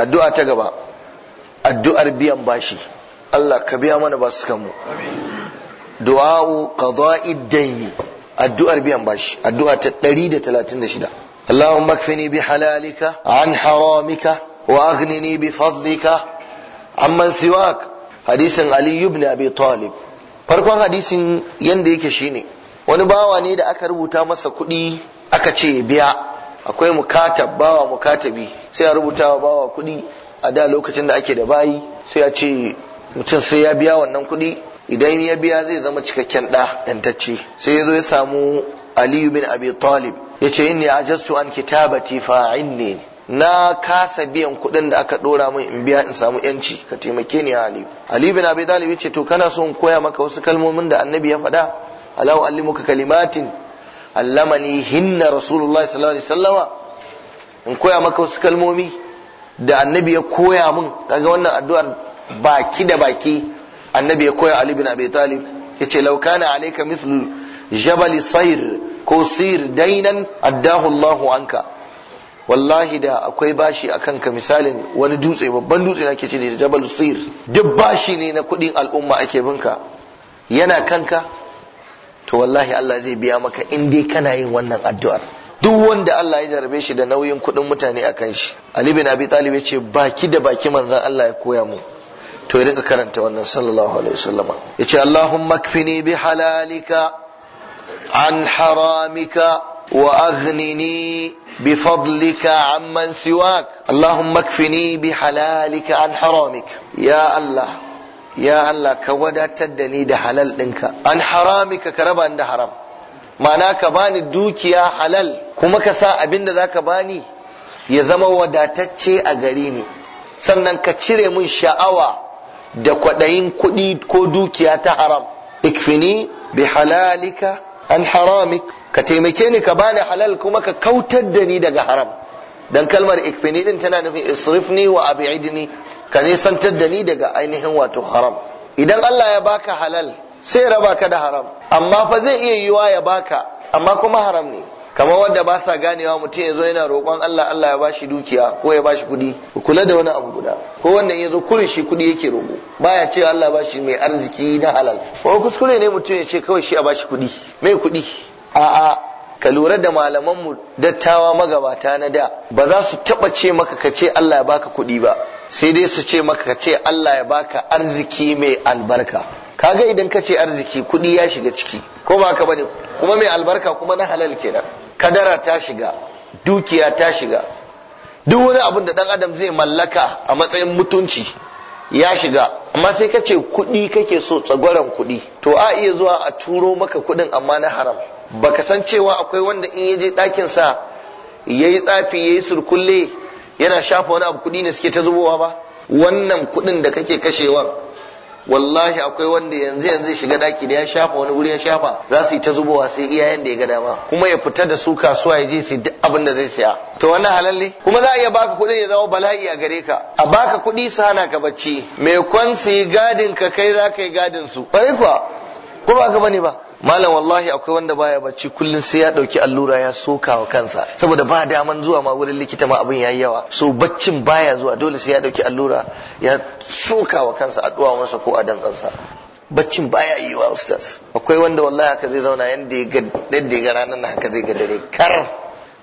addu'a ta gaba addu'ar biyan bashi Allah ka biya mana su kanmu du'a'u qada'i daini addu'ar biyan bashi addu'a ta 136 Allahumma kfini bi halalika an haramika wa aghnini bi fadlika amma siwak hadisin Ali ibn Abi Talib farkon hadisin yanda yake shine wani bawa ne da aka rubuta masa kuɗi aka ce biya akwai mukatab bawa mukatabi sai ya rubuta wa bawa kuɗi a da lokacin da ake da bayi sai a ce mutum sai ya biya wannan kuɗi idan ya biya zai zama cikakken da yantacce sai ya zo ya samu aliyu bin abi talib ya ce inni ajastu an kitabati ne?" na kasa biyan kuɗin da aka ɗora min in biya in samu yanci ka taimake ni aliyu aliyu bin abi talib ya ce to kana so in koya maka wasu kalmomin da annabi ya faɗa alau allimuka kalimatin allamani hinna rasulullahi sallallahu alaihi wasallama in koya maka wasu kalmomi da annabi ya koya min kaga wannan addu'ar baki da baki annabi ya koya Ali bin Abi Talib yace law kana alayka mislu jabal sayr ko sir dainan addahu anka wallahi da akwai bashi akan ka misalin wani dutse babban dutse na ke ce da jabal sir duk bashi ne na kudin al'umma ake binka yana kanka to wallahi Allah zai biya maka in dai kana yin wannan addu'ar duk wanda Allah ya jarabe shi da nauyin kuɗin mutane a kan shi Ali bin Abi Talib ya ce baki da baki manzon Allah ya koya mu to ya rika karanta wannan sallallahu alaihi wasallama ya ce Allahumma kfini bi halalika an haramika wa aghnini bi fadlika amman siwak Allahumma kfini bi halalika an haramika ya Allah ya Allah ka wadatar da ni da halal ɗinka an haramika ka raba da haram ma'ana ka bani dukiya halal kuma ka sa abin da za ka bani ya zama wadatacce a gare ni sannan ka cire mun sha'awa da kwaɗayin kuɗi ko dukiya ta haram ikfini bi halalika an haramik ka taimake ni ka bani halal kuma ka kautar da ni daga haram dan kalmar ikfini din tana nufin isrifni wa abidni ka nisantar da ni daga ainihin wato haram idan Allah ya baka halal sai raba ka da haram amma fa zai iya yiwa ya baka amma kuma haram ne kamar wanda ba sa ganewa mutum ya zo yana roƙon Allah Allah ya bashi dukiya ko ya bashi kuɗi ku kula da wani abu guda ko wanda ya zo kurin shi kuɗi yake roƙo baya ce Allah bashi mai arziki na halal ko kuskure ne mutum ya ce kawai shi a bashi kuɗi mai kuɗi a'a ka lura da malaman mu dattawa magabata na da ba za su taba ce maka ka ce Allah ya baka kuɗi ba sai dai su ce maka ka ce Allah ya baka arziki mai albarka kaga idan ka ce arziki kuɗi ya shiga ciki ko ba ka bane kuma mai albarka kuma na halal ke kenan kadara ta shiga dukiya ta shiga duk wani abin da dan adam zai mallaka a matsayin mutunci ya shiga amma sai ka ce kuɗi kake so tsagwaron kuɗi to a iya zuwa a turo maka kuɗin amma na haram baka san cewa akwai wanda in ya je ɗakin sa ya yi tsafi ya yi surkulle yana shafa wani abu kuɗi ne suke ta zubowa ba wannan kuɗin da kake kashewa wallahi akwai wanda yanzu yanzu shiga daki da ya shafa wani wuri ya shafa za su yi ta zubowa sai iyayen da ya ga dama kuma ya fita da su kasuwa ya je su duk abin da zai saya to wannan halal ne kuma za a iya baka kuɗin ya zama bala'i a gare ka a baka kuɗi su hana ka bacci mai kwan yi gadin ka kai za ka yi gadin su bare kuwa ko ba ka bane ba malam wallahi akwai wanda baya bacci kullum sai ya dauki allura ya soka wa kansa saboda ba daman zuwa ma wurin likita ma abin yayi yawa so baccin baya zuwa dole sai ya dauki allura ya soka wa kansa a masa ko a dankansa baccin baya yi wa ustaz akwai wanda wallahi haka zai zauna yanda ya ga ranar haka zai ga dare kar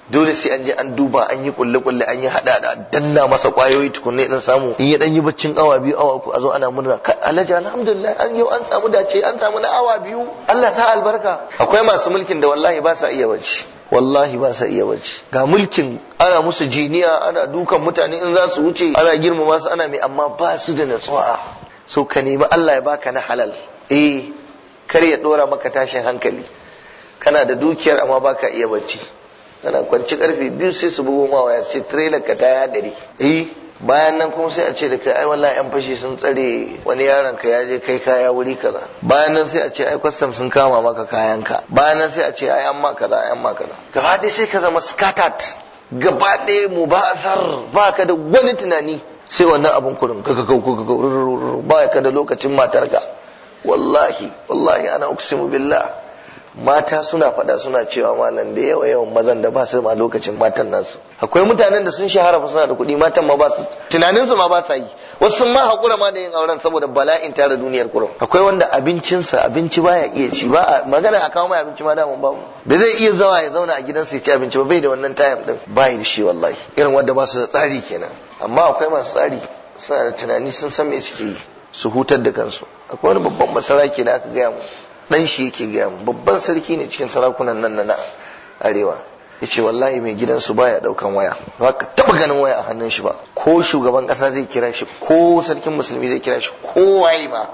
dole sai an je an duba an yi kulle kulle an yi hada da danna masa kwayoyi tukunne dan samu in ya dan yi baccin awa biyu awa uku a zo ana murna alhaji alhamdulillah an yau an samu dace an samu na awa biyu Allah sa albarka akwai masu mulkin da wallahi ba sa iya bacci wallahi ba sa iya bacci ga mulkin ana musu jiniya ana dukan mutane in za su wuce ana girmama su ana mai amma ba su da natsuwa so ka nemi Allah ya baka na halal eh kar ya dora maka tashin hankali kana da dukiyar amma baka iya bacci tana kwanci karfe biyu sai su bugu ma waya sai trailer ka ta dare eh bayan nan kuma sai a ce da kai ai wallahi yan fashi sun tsare wani yaron ka ya je kai kaya wuri kaza bayan nan sai a ce ai custom sun kama maka kayan ka bayan nan sai a ce ai an ma kaza ai an ma kaza gaba dai sai ka zama scattered gaba ɗaya mu ba asar ba ka da wani tunani sai wannan abun kurin ka ka ba ka da lokacin matar ka. wallahi wallahi ana uksimu billah mata suna faɗa suna cewa malam da yawa yawan mazan da ba su ma lokacin matan nasu akwai mutanen da sun shahara fa suna da kuɗi matan ma ba su tunanin su ma ba sa yi wasu ma hakura ma da yin auren saboda bala'in tara duniyar kurum akwai wanda abincinsa abinci baya iya ci ba magana a kawo mai abinci ma damun mu. ba zai iya zawa ya zauna a gidansa ya ci abinci ba bai da wannan tayam din ba da shi wallahi irin wanda ba su da tsari kenan amma akwai masu tsari suna da tunani sun san me suke yi su hutar da kansu akwai wani babban masaraki da aka gaya mu dan shi yake gaya mu babban sarki ne cikin sarakunan nan na arewa yace wallahi mai gidansu baya daukan waya ba ka taba ganin waya a hannun shi ba ko shugaban kasa zai kira shi ko sarkin musulmi zai kira shi ko waye ba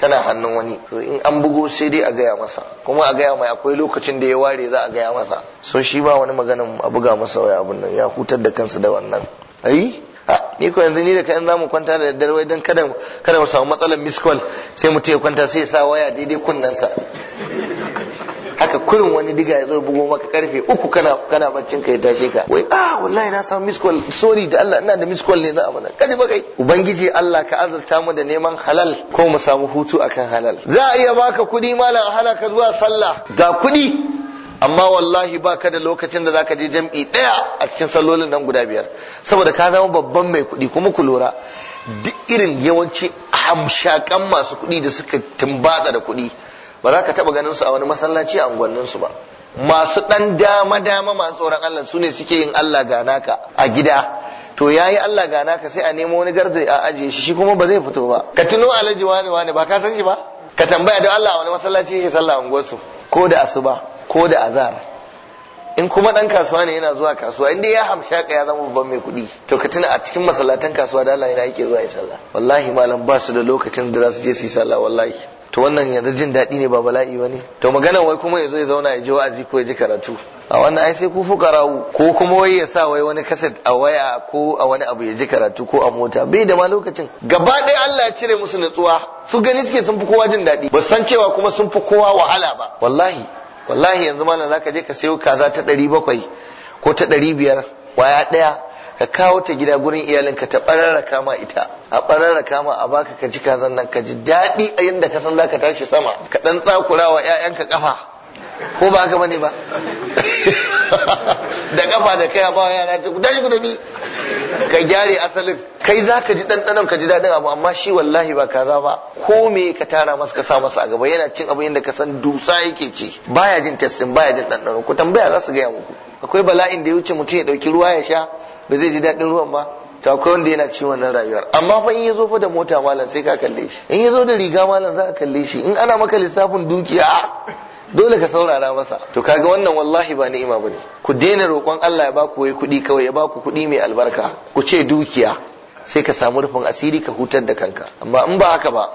tana hannun wani in an bugo sai dai a gaya masa kuma a gaya mai akwai lokacin da ya ware za a gaya masa so shi ba wani maganin a buga masa waya abun nan ya hutar da kansa da wannan ai ni ko yanzu ni da kayan zamu kwanta da daddare wai dan kada kada mu samu matsalar miskol sai mutum ya kwanta sai ya sa waya daidai kunnensa haka kurin wani diga ya zo bugo maka karfe uku kana kana baccin ka ya tashe ka wai ah wallahi na samu miskol sorry da Allah ina da miskol ne za a kada ba kai ubangiji Allah ka azurta mu da neman halal ko mu samu hutu akan halal za a iya baka kudi malam a hana ka zuwa sallah ga kudi amma wallahi ba ka da lokacin da za ka je jam'i ɗaya a cikin salolin nan guda biyar saboda ka zama babban mai kuɗi kuma ku lura duk irin yawanci hamshakan masu kuɗi da suka tumbata da kuɗi ba za ka taɓa ganin su a wani masallaci a unguwannin su ba masu ɗan dama dama masu tsoron Allah su ne suke yin Allah gana ka a gida to ya yi Allah gana ka sai a nemo wani garda a ajiye shi shi kuma ba zai fito ba ka tuno alhaji wani wani ba ka san shi ba ka tambaya don Allah a wani masallaci yake sallah unguwarsu ko da asuba ko da azar in kuma dan kasuwa ne yana zuwa kasuwa inda ya ka ya zama babban mai kuɗi to ka tuna a cikin masallatan kasuwa da Allah yana yake zuwa ya sallah wallahi malam ba su da lokacin da za su je su yi sallah wallahi to wannan yanzu jin daɗi ne ba bala'i ba ne to magana wai kuma ya ya zauna ya ji wa'azi ko ya ji karatu a wannan ai sai ku fukarawu ko kuma wai ya sa wai wani kaset a waya ko a wani abu ya ji karatu ko a mota bai da ma lokacin gaba ɗaya Allah ya cire musu natsuwa su gani suke sun fi kowa jin daɗi ba san cewa kuma sun fi kowa wahala ba wallahi wallahi yanzu malam zaka je ka sayo kaza ta ɗari bakwai ko ta ɗari biyar waya ɗaya ka kawo ta gida gurin iyalinka ta barara kama ita a barara kama a baka ka ji kazan nan ka ji daɗi a yadda ka san zaka tashi sama ka ɗan tsakura wa 'ya'yanka ƙafa ko ba ka bane ba da ƙafa da kai ba yara ce ku tashi ku bi ka gyare asalin kai za ka ji ɗanɗanon ka ji daɗin abu amma shi wallahi ba kaza ba ko me ka tara masa ka sa masa a gaba yana cin abin yadda ka san dusa yake ci baya jin testin baya jin ɗanɗanon ku tambaya za su gaya muku akwai bala'in da ya wuce mutum ya ɗauki ruwa ya sha ba zai ji daɗin ruwan ba to akwai wanda yana ciwon wannan rayuwar amma fa in ya zo fa da mota malam sai ka kalle shi in ya zo da riga malam za ka kalle shi in ana maka lissafin dukiya dole ka saurara masa to kaga wannan wallahi ba ni'ima bane ku daina roƙon Allah ya baku wai kuɗi kawai ya baku kuɗi mai albarka ku ce dukiya sai ka samu rufin asiri ka hutar da kanka amma in ba haka ba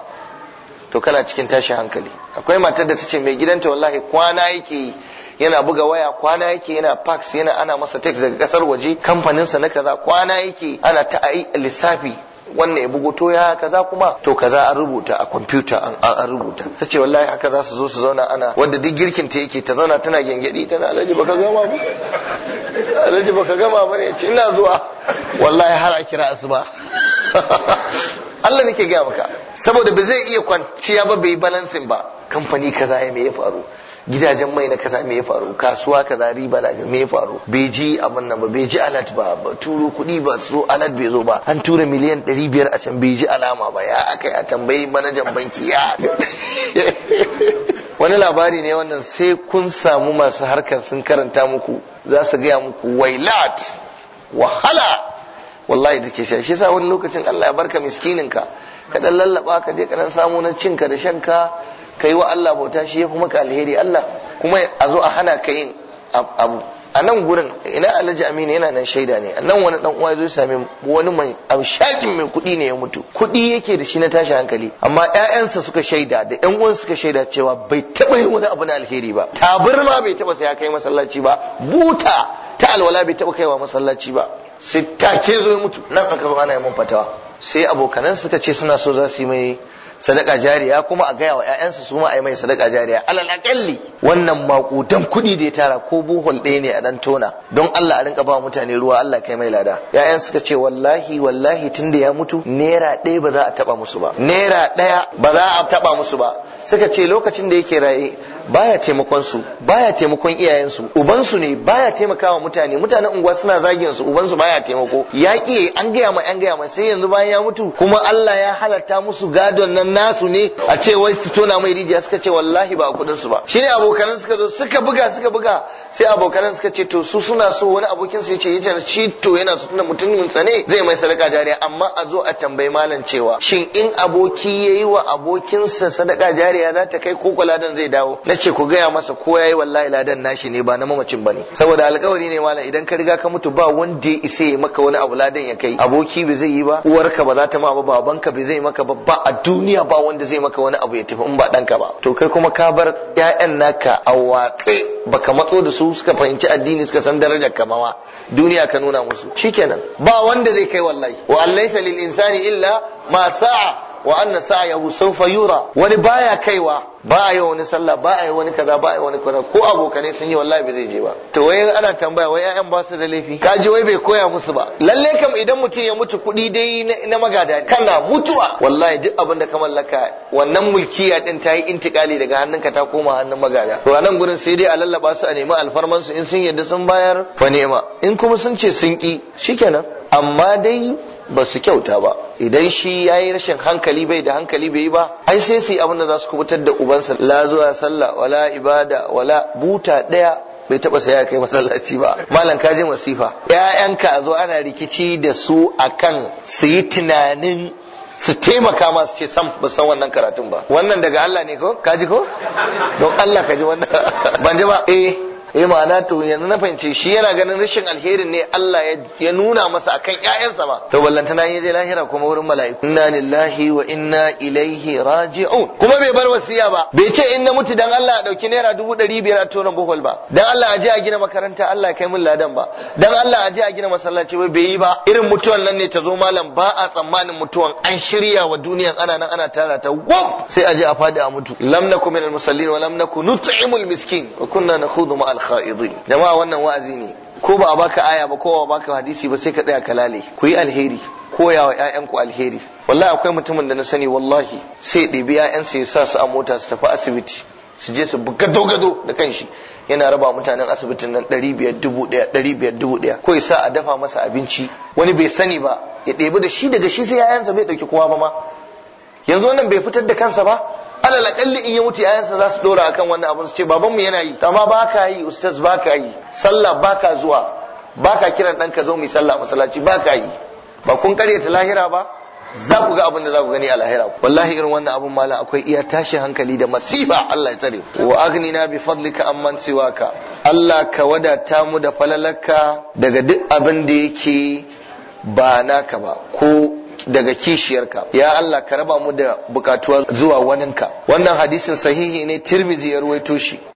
to kana cikin tashin hankali akwai matar da ta mai gidanta wallahi kwana yake yi yana buga waya kwana yake yana fax yana ana masa text daga kasar waje kamfanin sa na kaza kwana yake ana ta lissafi wannan ya bugo to ya kaza kuma to kaza an rubuta a kwamfuta an rubuta ta ce wallahi haka za su zo su zauna ana wanda duk girkin ta yake ta zauna tana gyangyaɗi tana alhaji baka gama ba alhaji baka gama ba ne ce ina zuwa wallahi har a kira asuba Allah nake gaya maka saboda ba zai iya kwanciya ba bai balansin ba kamfani kaza ya me ya faru gidajen mai na kasa me ya faru kasuwa kaza riba da me ya faru bai ji abin nan ba bai ji alat ba turo kuɗi ba so alat bai zo ba an tura miliyan ɗari biyar a can bai alama ba ya akai a tambayi manajan banki ya wani labari ne wannan sai kun samu masu harkar sun karanta muku za su gaya muku wailat wahala wallahi da ke sha shi sa wani lokacin Allah ya barka miskininka ka ka lallaba ka je ka dan samu na cinka da shanka kai wa Allah bauta shi ya fi maka alheri Allah kuma a zo a hana ka yin abu a nan gurin ina alhaji aminu yana nan shaida ne A nan wani dan uwa zai sami wani mai amshakin mai kuɗi ne ya mutu kuɗi yake da shi na tashi hankali amma ƴaƴansa suka shaida da ƴan uwan suka shaida cewa bai taɓa yin wani abu na alheri ba tabirma bai taɓa ya kai masallaci ba buta ta alwala bai taɓa kaiwa masallaci ba sai take zo ya mutu nan aka zo ana yi mun fatawa sai abokanan suka ce suna so za su yi mai sadaka jariya kuma a gaya wa ƴaƴansu su ma a yi mai sadaka jariya alal akalli wannan makudan kuɗi da ya tara ko buhol ɗaya ne a dan tona don Allah a rinka ba mutane ruwa Allah kai mai lada 'ya'yan suka ce wallahi wallahi tunda ya mutu naira ɗaya ba za a taba musu ba naira ɗaya ba za a taba musu ba suka ce lokacin da yake raye baya taimakon su baya taimakon iyayen su uban su ne baya taimakawa mutane mutanen unguwa suna zagin su uban su baya taimako ya kiye an gaya ma an gaya ma sai yanzu bayan ya mutu kuma Allah ya halatta musu gadon nan nasu ne a ce wai su tona mai rijiya suka ce wallahi ba kudin su ba shine abokanan suka zo suka buga suka buga sai abokanan suka ce to su suna so wani abokin su yace yace shi to yana so tunda mutumin sa ne zai mai sadaka jariya amma a zo a tambayi malam cewa shin in aboki yayi wa abokinsa sadaka jariya za ta kai ko kuladan zai dawo na ce ku gaya masa ko ya yi wallahi ladan nashi ne ba na mamacin ba ne saboda alkawari ne malam idan ka riga ka mutu ba wanda ya isa ya maka wani abu ladan ya kai aboki bai zai yi ba uwarka ba za ta ma ba babanka bai zai maka ba ba a duniya ba wanda zai maka wani abu ya tafi in ba danka ba to kai kuma ka bar ƴaƴan naka a watsi baka matso da su suka fahimci addini suka san darajar ka ma duniya ka nuna musu shikenan ba wanda zai kai wallahi wa allaysa lil insani illa ma sa'a wa anna sa'yahu sawfa yura wani baya kaiwa ba a yi wani sallah ba a yi wani kaza ba a yi wani kaza ko abokanai sun yi wallahi ba zai je ba to wai ana tambaya wai ƴaƴan ba su da laifi ka ji wai bai koya musu ba lalle kam idan mutum ya mutu kuɗi dai na magada kana mutuwa wallahi duk abin da ka mallaka wannan mulkiya din ta yi intikali daga hannunka ta koma hannun magada to anan nan gurin sai dai a lallaba su a nemi alfarman su in sun yadda sun bayar fa nema in kuma sun ce sun ki shikenan amma dai ba su kyauta ba idan shi ya yi rashin hankali bai da hankali bai yi ba ai sai su yi abin da za su kubutar da ubansa la zuwa sallah wala ibada wala buta daya. bai taba saya kai masallaci ba malam kaje masifa ƴaƴanka a zo ana rikici da su akan su yi tunanin su taimaka masu ce sam ba san wannan karatun ba wannan daga Allah ne ko kaji ko don Allah kaji wannan ban ji ba eh eh ma'ana to yanzu na fahimce shi yana ganin rashin alherin ne Allah ya nuna masa akan ƴaƴansa ba to ballantana ya je lahira kuma wurin mala'iku inna lillahi wa inna ilaihi raji'un kuma bai bar wasiya ba bai ce in na mutu dan Allah a dauki naira dubu ɗari biyar a tona bohol ba dan Allah a je a gina makaranta Allah kai min ladan ba dan Allah a je a gina masallaci ba bai yi ba irin mutuwan nan ne ta zo malam ba a tsammanin mutuwan an shirya wa duniyan ana nan ana tara ta wop sai a je a fadi a mutu lam nakum minal musallin wa lam nakun nut'imul miskin wa kunna nakhudu khaidin jama'a wannan wa'azi ne ko ba a baka aya ba ko ba a baka hadisi ba sai ka tsaya kalale ku yi alheri koya wa ku alheri wallahi akwai mutumin da na sani wallahi sai ya ɗebi ƴaƴansa ya sa su a mota su tafi asibiti su je su gado gado da kanshi yana raba mutanen asibitin nan ɗari biyar dubu ɗaya ɗari biyar dubu ɗaya ko ya sa a dafa masa abinci wani bai sani ba ya ɗebi da shi daga shi sai ƴaƴansa bai ɗauki kowa ba ma yanzu wannan bai fitar da kansa ba alal akalli in ya mutu yayansa za su dora akan wannan abun su ce babanmu yana yi amma baka yi ustaz baka yi sallah baka zuwa baka kiran ɗanka zo mu sallah masallaci baka yi ba kun karyata lahira ba za ku ga abin da za ku gani a lahira wallahi irin wannan abun malam akwai iya tashin hankali da masifa Allah ya tsare wa agni na bi fadlika amman ka. Allah ka wadata mu da falalaka daga duk abin da yake ba naka ba ko daga kishiyarka ya Allah ka raba mu da bukatuwa zuwa waninka wannan hadisin sahihi ne tirmizi ya ruwaito shi